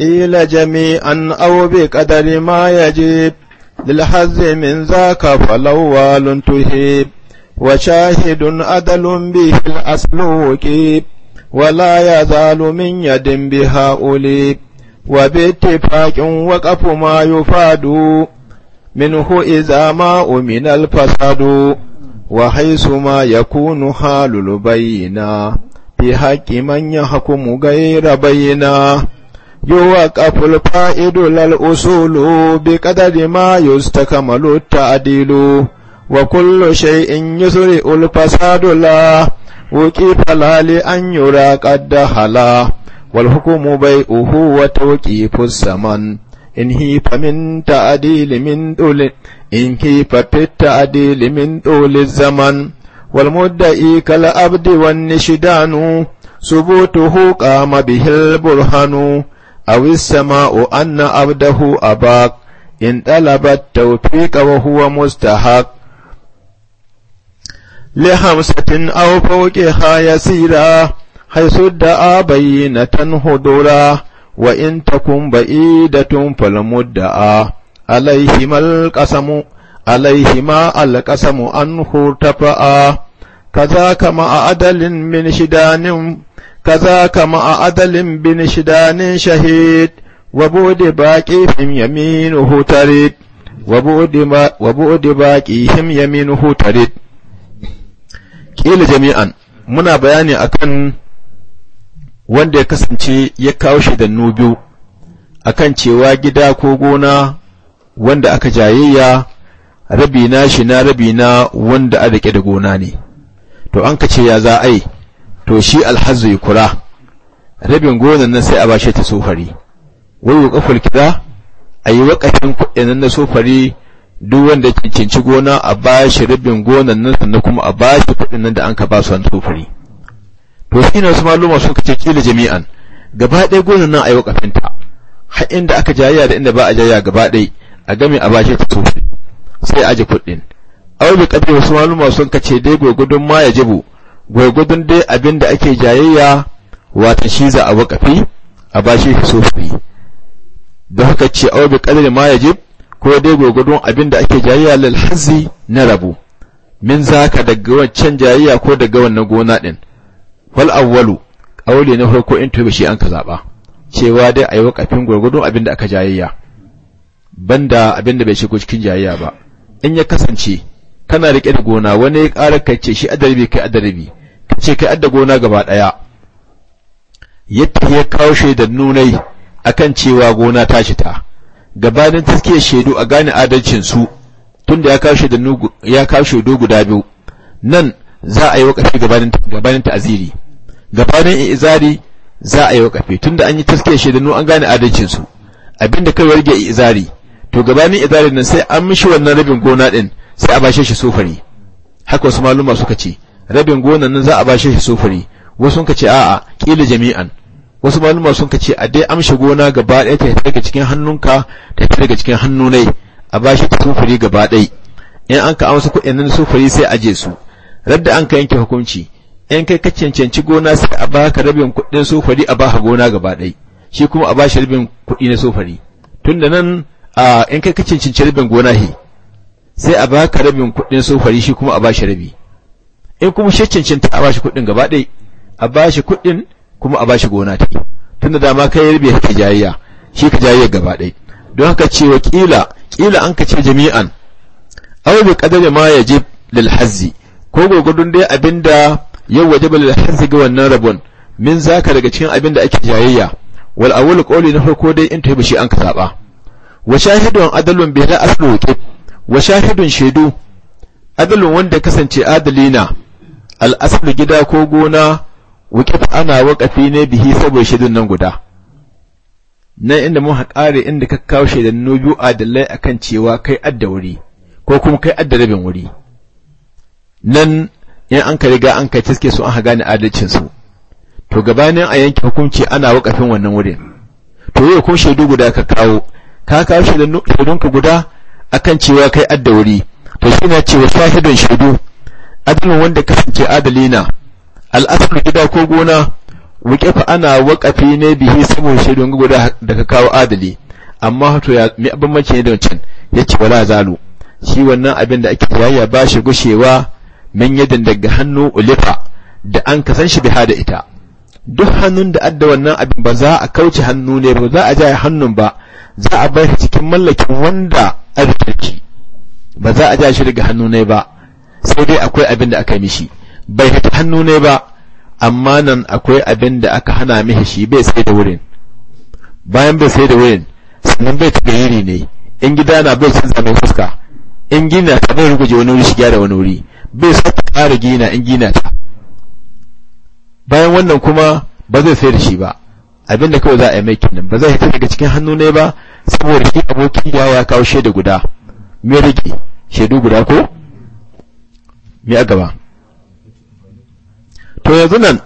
قيل جميعا أو بقدر ما يجيب للحظ من ذاك فلوال تهيب وشاهد أدل به الأصل وكيب ولا يزال من يد بها أليب وباتفاق وقف ما يفاد منه إذا ما أمن الفساد وحيث ما يكون حال البينا بحق من يحكم غير بينا يوقف الفائد للأصول بقدر ما يستكمل التعديل وكل شيء يسرع الفساد لا وكيف لا لأن يرى قد هلا والحكم بيعه وتوقيف السمن إن هي فمن تعديل من طول إن كيف في التعديل من طول الزمن والمدعي كالأبد والنشدان ثبوته قام به البرهان أو السماء أن عبده أباك إن طلب التوفيق وهو مستحق لخمسة أو فوقها يسيرا حيث ادعى بينة هدورا وإن تكن بعيدة فالمدعى عليهما القسم عليهما القسم أنه ارتفعا كذاك مع عدل من شدان كذاك مع عدل بن شدان شهيد وبعد باقيهم يمينه ترد وبعد باقيهم يمينه ترد ƙila jami'an muna bayani akan wanda ya kasance ya kawo shi da biyu akan cewa gida ko gona wanda aka jayayya rabi na shi na rabi na wanda a rike da gona ne to an ka ce ya za a yi to shi alhazu kura rabin gonan nan sai a bashe ta sofari wai wuƙaful kira a yi wakafin kuɗin na sofari duk wanda ya cinci gona a bashi rabin gonan nan sannan kuma a bashi kuɗin nan da an ka ba su an sofari to shi na su maluma sun kace kila jami'an gaba ɗaya gonan nan a yi wakafin ta har inda aka jayya da inda ba a jayya gaba ɗaya a game a bashe ta sofari sai aje kuɗin a wani kadri wasu maluma sun kace dai gurgudun ma ya jibu gwargwadon dai abin da ake jayayya wata shi za a wakafi a bashi sofi da haka ce awa bi kadari ma yajib ko dai gwargwadon abin da ake jayayya lil na rabu min zaka daga wancan jayayya ko daga wannan gona din wal awwalu aure na farko in to shi an ka zaba cewa dai ayi wakafin gwargwadon abin da aka jayayya banda abin da bai shigo cikin jayayya ba in ya kasance kana rike da gona wani ya ƙara kai ce shi adarbi kai adarbi ta ce kai adda gona gaba ɗaya yadda ya kawo shaidan nunai akan cewa gona ta shi ta gabanin taskiyar shaidu a gane adalcin su tunda ya kawo shaidu ya kawo guda biyu nan za a yi wakafi gabanin gabanin aziri gabanin izari za a yi wakafi tunda an yi taskiyar shaidu an gane adalcin su abinda kai warge izari to gabanin izarin nan sai an mishi wannan rabin gona din sai a bashe shi sofari haka wasu maluma suka ce rabin gonan nan za a bashi sufuri wasu sun ce a'a kila jami'an wasu malama sun ce a dai amshi gona gaba ɗaya ta fita daga cikin hannunka ta fita daga cikin hannu ne a bashi sufuri gaba ɗaya in an ka amsa kuɗin nan sufuri sai a je su radda an ka yanke hukunci in kai ka cancanci gona sai a baka rabin kuɗin sufuri a baka gona gaba ɗaya shi kuma a bashi rabin kuɗi na sufuri tunda nan a in kai ka cancanci rabin gona he sai a baka rabin kuɗin sufuri shi kuma a bashi rabi in kuma shi cancanta a bashi kuɗin gaba ɗaya a bashi kuɗin kuma a bashi gona ta tunda dama kai yarbe haka jayayya shi ka jayayya gaba ɗaya don haka cewa kila kila an ka ce jami'an aw bi qadari ma yajib lil hazzi ko gurgudun dai abinda ya wajaba lil hazzi ga wannan rabon min zaka daga cikin abinda ake jayayya wal awwal qawli na farko dai in tayi shi an ka zaba wa shahidun adalun bi ra'as wa shahidun shaidu adalun wanda kasance adalina al'asar gida ko gona wuƙif ana waƙafi ne bihi saboda shaidun nan guda nan inda mun haƙari inda ka kawo shaidannu biyu adalai akan cewa kai adda wuri ko kuma kai adda rabin wuri nan in an ka riga an kai ciske su an haga ni adalcinsu to gabanin a yanke hukunci ana waƙafin wannan wurin to yau kuma shaidu guda ka kawo ka kawo shaidunka guda akan cewa kai adda wuri to shi na cewa shahidun shaidu adalin wanda kasance adali na al'asar gida ko gona fa ana waƙafi ne bihi saboda shaidun guda da ka kawo adali amma hato ya mi abin mace ne da wancan ya ce wala zalu shi wannan abin da ake yaya ba shi gushewa min yadin daga hannu ulifa da an kasan shi biha da ita duk hannun da adda wannan abin ba za a kauce hannu ne ba za a jaye hannun ba za a bai cikin mallakin wanda a ba za a jaye shi daga hannu ne ba sai dai akwai abin da aka mishi bai fita hannu ne ba amma nan akwai abin da aka hana mishi shi bai sai da wurin bayan bai sai da wurin sannan bai ta yiri ne in gida na bai canza mai fuska in gina ta bai ruguje wani wuri shiga da wani wuri bai so ta fara gina in gina ta bayan wannan kuma ba zai sai da shi ba abin da kawai za a yi mai nan ba zai fita daga cikin hannu ne ba saboda shi abokin yawa ya kawo shaida guda me rage shaidu guda ko me aka ba. to yanzu nan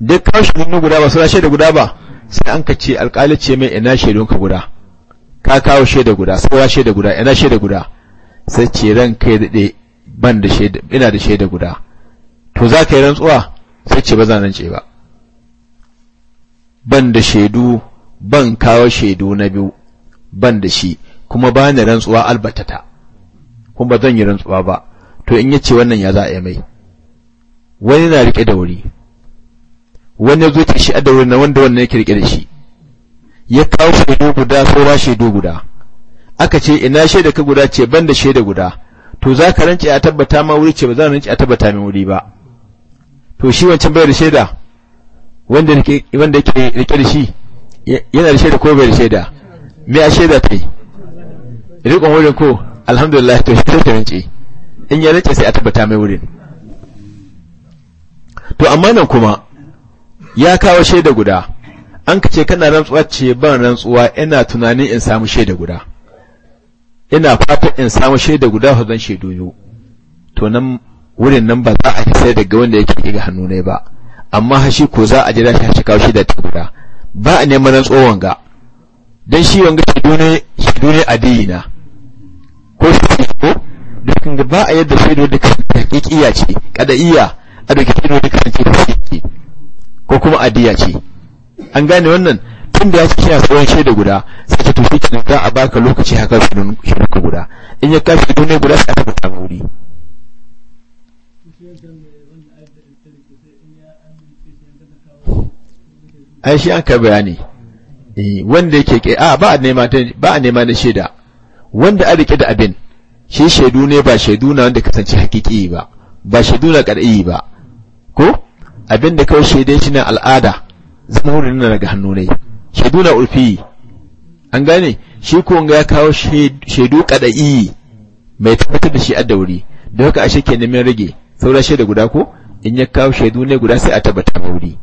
duk kashi nuna guda ba sai shaida guda ba sai an kace ce ce mai ina shaidun ka guda ka kawo shaida guda saura shaida guda ina shaida guda sai ce ran kai daɗe ban da shaida ina da shaida guda to za ka yi rantsuwa sai ce ba za nan ce ba ban da shaidu ban kawo shaidu na biyu ban da shi kuma ba ni rantsuwa albatata kuma ba zan yi rantsuwa ba to in yace wannan ya za a yi mai wani na rike da wuri wani ya zo ce shi da wuri na wanda wannan yake rike da shi ya kawo shaidu guda saura shaidu guda aka ce ina shaida ka guda ce ban da shaida guda to za ka rance a tabbata ma wuri ce ba za ka rance a tabbata min wuri ba to shi wancan bai da shaida wanda yake rike da shi yana da shaida ko bai da shaida me a shaida ta yi riƙon wurin ko alhamdulillah to shi ta rance in ya rike sai a tabbata mai wurin to amma nan kuma ya kawo shaida guda an ka ce kana rantsuwa ce ban rantsuwa ina tunanin in samu shaida guda ina fatan in samu shaida guda su zan shaidu biyu to nan wurin nan ba za a ci sai daga wanda yake ga hannu ne ba amma hashi ko za a jira shi kawo shaida ta guda ba a neman rantsuwan ga dan shi wanga shaidu ne shaidu ne adiyina ko shi da ga ba a yadda shaidu da hakikiya ce kadaiya a da shaidu da kasance hakiki ko kuma adiya ce an gane wannan tun da ya cikin yasa wani shaida guda sai ta tafi kin za a baka lokaci haka shirka guda in ya kafi ne guda sai aka ta wuri ai shi kai bayani eh, wanda yake a ba a nema ba a nema na shaida wanda a rike da abin shi shaidu ne ba shaidu na wanda kasance hakiki ba ba shaidu na kad'i ba ko abin da kawai shaidai shi na al'ada zama wurin na daga hannu ne shaidu na urfi an gane shi ko ga ya kawo shaidu kad'i mai tabbatar da shi a dauri da haka ashe ke neman rage saura shaida guda ko in ya kawo shaidu ne guda sai a tabbata wuri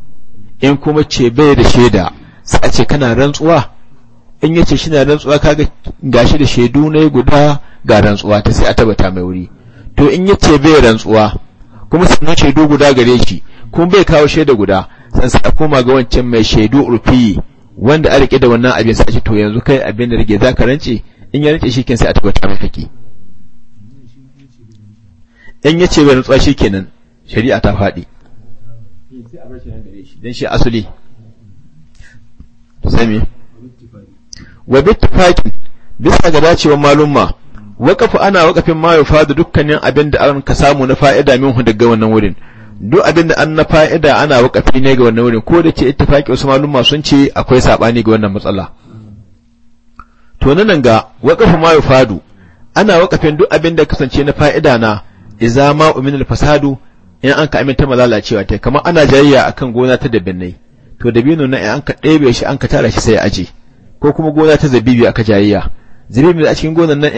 in kuma ce bai da shaida sai a ce kana rantsuwa in yace shi na rantsuwa kaga gashi da shaidu ne guda ga rantsuwa ta sai a tabbata mai wuri to in yace bai rantsuwa kuma sannan shaidu guda gare shi kuma bai kawo shaida guda san sai a koma ga wancan mai shaidu urfi wanda a rike da wannan abin sai a ce to yanzu kai abin da rike zaka rance in ya rance shikenan sai a tabbata mai kake in yace bai rantsuwa shikenan shari'a ta faɗi sai a bar shi nan gare shi dan shi asali to sai me wa bittifaqin bisa ga dacewar malumma waƙafa ana wakafin ma yufa da dukkanin abin da an ka samu na fa'ida min hu daga wannan wurin duk abin da an na fa'ida ana wakafi ne ga wannan wurin ko da ce ittifaqi wasu malumma sun ce akwai sabani ga wannan matsala to nan ga waƙafa ma yufadu ana wakafin duk abin da kasance na fa'ida na idza ma uminal fasadu in an ka aminta malalacewa tai kamar ana jayayya akan gona ta dabinnai to dabino na in an ka ɗebe shi an ka tara shi sai aje ko kuma gona ta zabibi aka jayayya zabibi a cikin gonan nan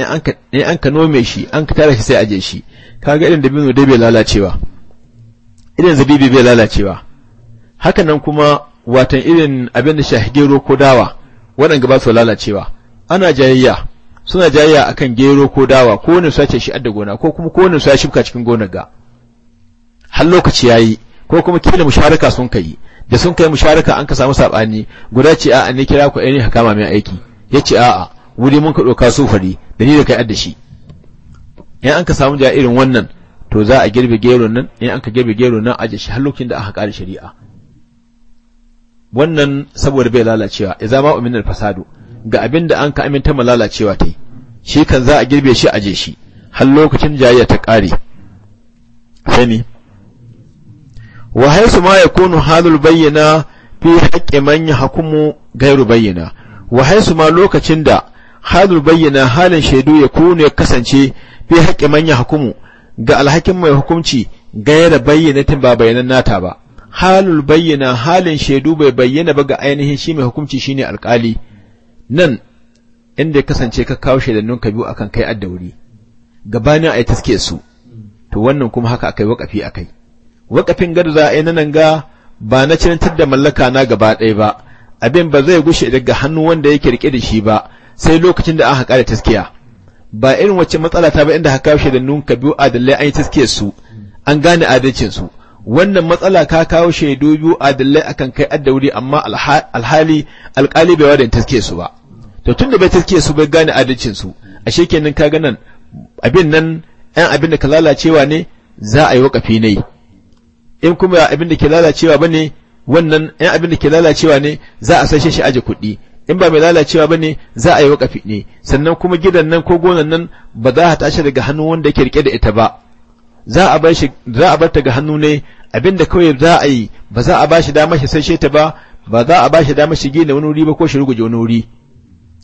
in an ka nome shi an ka tara shi sai aje shi kaga irin bino dai bai lalacewa irin zabibi bai lalacewa haka nan kuma watan irin abin da shahi gero ko dawa waɗanda ba su lalacewa ana jayayya suna jayayya akan gero ko dawa ko wani su ce shi adda gona ko kuma ko wani su ya shibka cikin gonar ga har lokaci yayi ko kuma kila musharaka sun kai da sun kai musharaka an ka samu sabani guda ce a'a ne kira ku ainihin hakama mai aiki ya ce a'a wuri mun ka ɗauka sufari da ni da kai adda shi in an ka samu ja irin wannan to za a girbe gero nan in an ka girbe gero nan aje shi halokin da aka kare shari'a wannan saboda bai lalacewa idza ma uminal fasadu ga abin da an ka aminta ma lalacewa ta yi shi kan za a girbe shi aje shi har lokacin jayya ta ƙare sai wa haisu ma yakunu halul bayyana fi haƙƙi man yahkumu gairu bayyana wa haisu ma lokacin da halul bayyana halin shaidu ya kunu ya kasance fi haƙƙi man yahkumu ga alhakin mai hukunci bayyana bayyanatin ba bayanan nata ba halul bayyana halin shaidu bai bayyana ba ga ainihin shi mai hukunci shine alkali nan inda ya kasance ka kawo shaidannun ka biyu akan kai addauri gabanin a yi taske su to wannan kuma haka akai wakafi akai wakafin gado za a yi nan ga ba na cinantar da mallaka na gaba ɗaya ba abin ba zai gushe daga hannu wanda yake rike da shi ba sai lokacin da aka kare taskiya ba irin wacce matsala ta ba inda haka kawo shaidannun ka biyu adalai an yi taskiyar su an gane adalcin su wannan matsala ka kawo shaidu biyu adalai akan kai adda wuri amma alhali alkali bai wadan taskiyar su ba to tun da bai taskiyar su bai gane adalcin su ashe kenan ka nan abin nan ɗan abin da ka lalacewa ne za a yi wakafi ne in kuma abin da ke lalacewa ba ne wannan in abin da ke lalacewa ne za a sashe shi aje kuɗi in ba mai lalacewa ba ne za a yi wakafi ne sannan kuma gidan nan ko gonan nan ba za a tashi daga hannu wanda yake rike da ita ba za a bar shi za a bar ta ga hannu ne abin da kawai za a yi ba za a ba shi dama shi sashe ta ba ba za a ba shi dama shi gina wani wuri ba ko shi ruguje wani wuri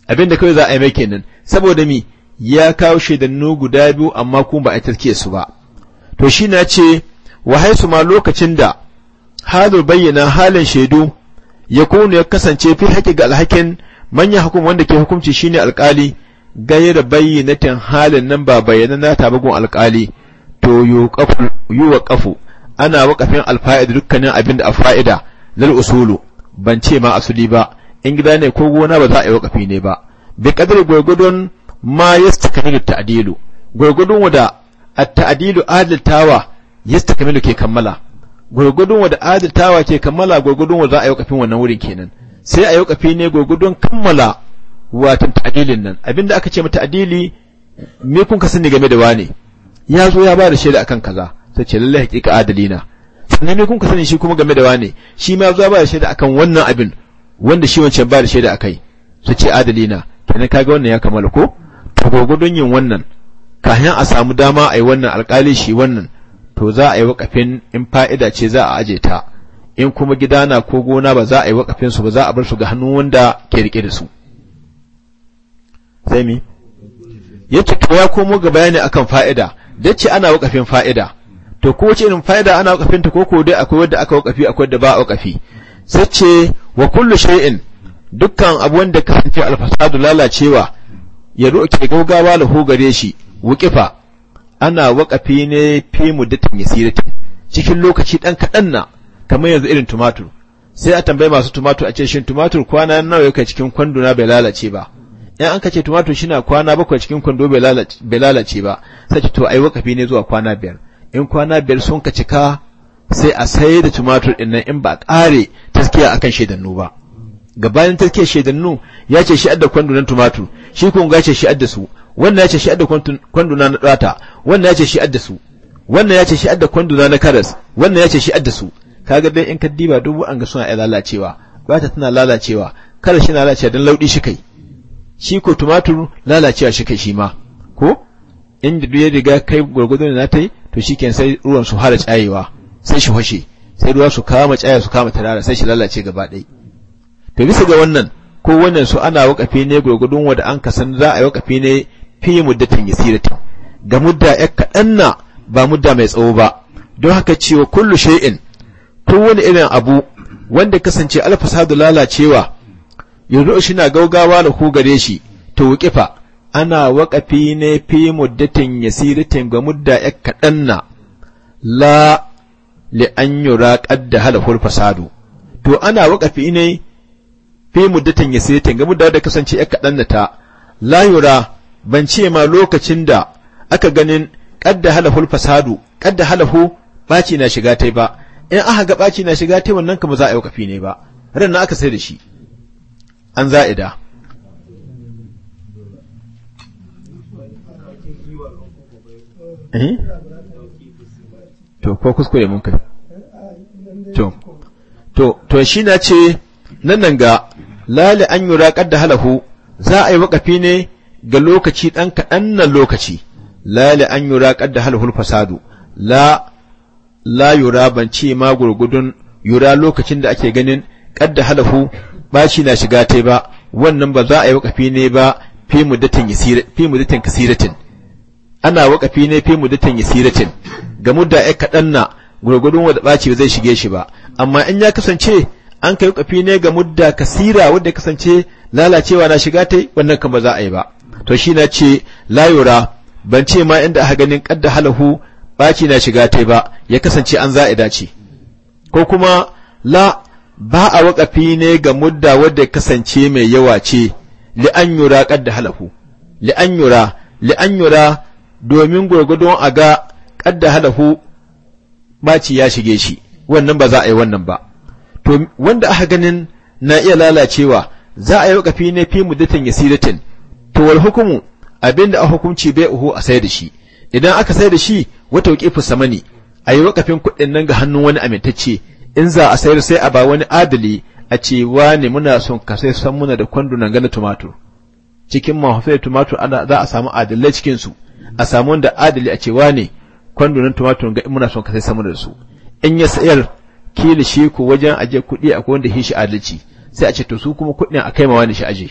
abin da kawai za a yi mai kenan saboda mi ya kawo shaidannu guda biyu amma kuma ba a tarke su ba to shi na ce wa haisu ma lokacin da halin bayyana halin shaidu ya kunu ya kasance fi haƙi ga alhakin manyan hukum wanda ke hukunci shine alƙali gaira bayyanatin halin nan ba bayyana na tabagun alƙali to yi wa ƙafu ana waƙafin alfa'id dukkanin abin da alfa'ida lal usulu ban ce ma asuli ba in gida ne ko gona ba za a yi waƙafi ne ba bi kadar gwargwadon ma ya saka da ta'adilu gwargwadon wada at ta'adilu adaltawa kamilu ke kammala gurgudun wa da adaltawa ke kammala gurgudun wa za a yi kafin wannan wurin kenan sai a yi kafi ne gurgudun kammala watan ta'dilin nan abinda aka ce mata adili me kun ka sani game da wane ya zo ya ba da shaida akan kaza sai ce lallai hakika adalina sannan me kun ka sani shi kuma game da wane shi ma ya zo ya ba da shaida akan wannan abin wanda shi wancan ba da shaida akai sai ce adalina kenan kaga wannan ya kammala ko to gurgudun yin wannan kafin a samu dama a yi wannan alƙali shi wannan to za a yi wakafin in fa'ida ce za a aje ta in kuma gida na ko gona ba za a yi wakafin su ba za a bar su ga hannun wanda ke rike da su Zai mi ce, to ya komo ga bayani akan fa'ida ce ana wakafin fa'ida to ko ce irin fa'ida ana wakafin ta ko dai akwai wadda aka wakafi akwai da ba a wakafi sai ce wa kullu shay'in dukkan abu wanda kasance alfasadu lalacewa ya roƙe gaugawa lahu gare shi wuƙifa. ana waƙafi ne fi muddatin yasiratin cikin lokaci ɗan kaɗan na kamar yanzu irin tumatur sai a tambayi masu tumatur a ce shin tumatur kwana nawa yake cikin kwando na bai lalace ba in an kace tumatur shi na kwana bakwai cikin kwando bai lalace ba sai to ai wakafi ne zuwa kwana biyar in kwana biyar sun ka cika sai a sai da tumatur din nan in ba a ƙare taskiya akan shaidannu ba gabanin taskiyar shaidannu ya ce shi adda kwando na tumatur shi kun ga ce shi adda su wannan ya ce shi adda kwanduna na ɗata wannan ya ce shi adda su wannan ya ce shi adda kwanduna na karas wannan ya ce shi adda su ga dai in ka diba dubu an ga suna iya lalacewa bata tana lalacewa karas shi na lalacewa don lauɗi shi kai shi ko tumatur lalacewa shi kai shi ma ko inda duk ya riga kai gwargwadon da na ta yi to shi ke sai ruwan su fara tsayewa sai shi fashe sai ruwa su kama tsaya su kama tarara sai shi lalace gaba ɗaya to bisa ga wannan ko wannan su ana wakafi ne gwargwadon wanda an kasan za a yi wakafi ne fi muddatin yasiratin ga mudda ya kaɗanna ba mudda mai tsawo ba don haka cewa kullu shay'in kowane irin abu wanda kasance alfasadu lalacewa yanzu shi na gaugawa da ku gare shi to wukifa ana waƙafi ne fi muddatin yasiratin ga mudda ya kaɗanna la li an yura qadda halaful fasadu to ana waƙafi ne fi muddatin yasiratin ga mudda da kasance ya kaɗanna ta la yura ban ce ma lokacin da aka ganin kadda halahul fasadu kadda halahu baci na shiga tai ba in aka ga baci na shiga tai wannan kuma za a yi wakafi ne ba ran na aka sai da shi an za'ida eh to ko kuskure mun kai to to to shi na ce nan nan ga lali an yura kadda halahu za a yi wakafi ne ga lokaci ɗan kaɗan nan lokaci la la an yura ƙadda halhul fasadu la la yura ban ce ma gurgudun yura lokacin da ake ganin ƙadda halahu ɓaci na shiga tai ba wannan ba za a yi wakafi ne ba fi muddatin fi kasiratin ana wakafi ne fi muddatin yasiratin ga mudda ya kaɗan na gurgudun wadda ɓaci zai shige shi ba amma in ya kasance an kai wakafi ne ga mudda kasira wanda ya kasance lalacewa na shiga tai wannan kan ba za a yi ba to shi na ce layura ban ce ma inda aka ganin kadda halahu baki na shiga tai ba ya kasance an za'ida ce ko kuma la ba a wakafi ne ga mudda wadda kasance mai yawa ce an yura kadda halahu an yura an yura domin gwargwadon a ga kadda halahu baci ya shige shi wannan ba za a yi wannan ba to wanda aka ganin na iya lalacewa za a yi wakafi ne fi muddatin yasiratin to wal hukumu da a hukunci bai uhu a sai da shi idan aka sai da shi wata waqifu samani ayi wakafin kuɗin nan ga hannun wani amintacce in za a sayar sai a ba wani adali a ce ne muna son ka sai san muna da kwandunan gana tumatur cikin mahafiyar tumatur ana za a samu adalai cikin su a samu wanda adali a ce ne kwandunan tumatur ga muna son ka sai san muna da su in ya sayar kila shi ko wajen aje kuɗi akwai wanda shi adalci sai a ce to su kuma kuɗin a kai ma wani shi aje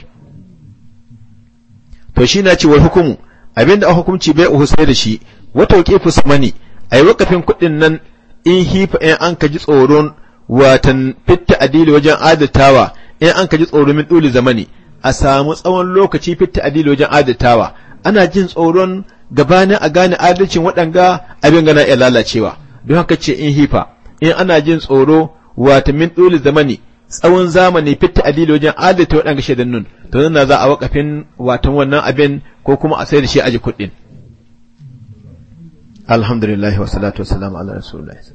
to shi na ce wal hukumu abinda a hukunci bai uhu sai da shi wata waqifu samani ai wakafin kuɗin nan in hifa in an ka ji tsoron watan fitta adili wajen adatawa in an ka ji tsoron min duli zamani a samu tsawon lokaci fitta adili wajen adatawa ana jin tsoron gabanin a gane adalcin waɗanga abin gana iya lalacewa don haka ce in hifa in ana jin tsoro wata min duli zamani tsawon zamani fitta adili wajen adalta waɗanda shaidan nun to nan za a wakafin watan wannan abin ko kuma a sai da shi aji kuɗin alhamdulillah wa salatu wa salam ala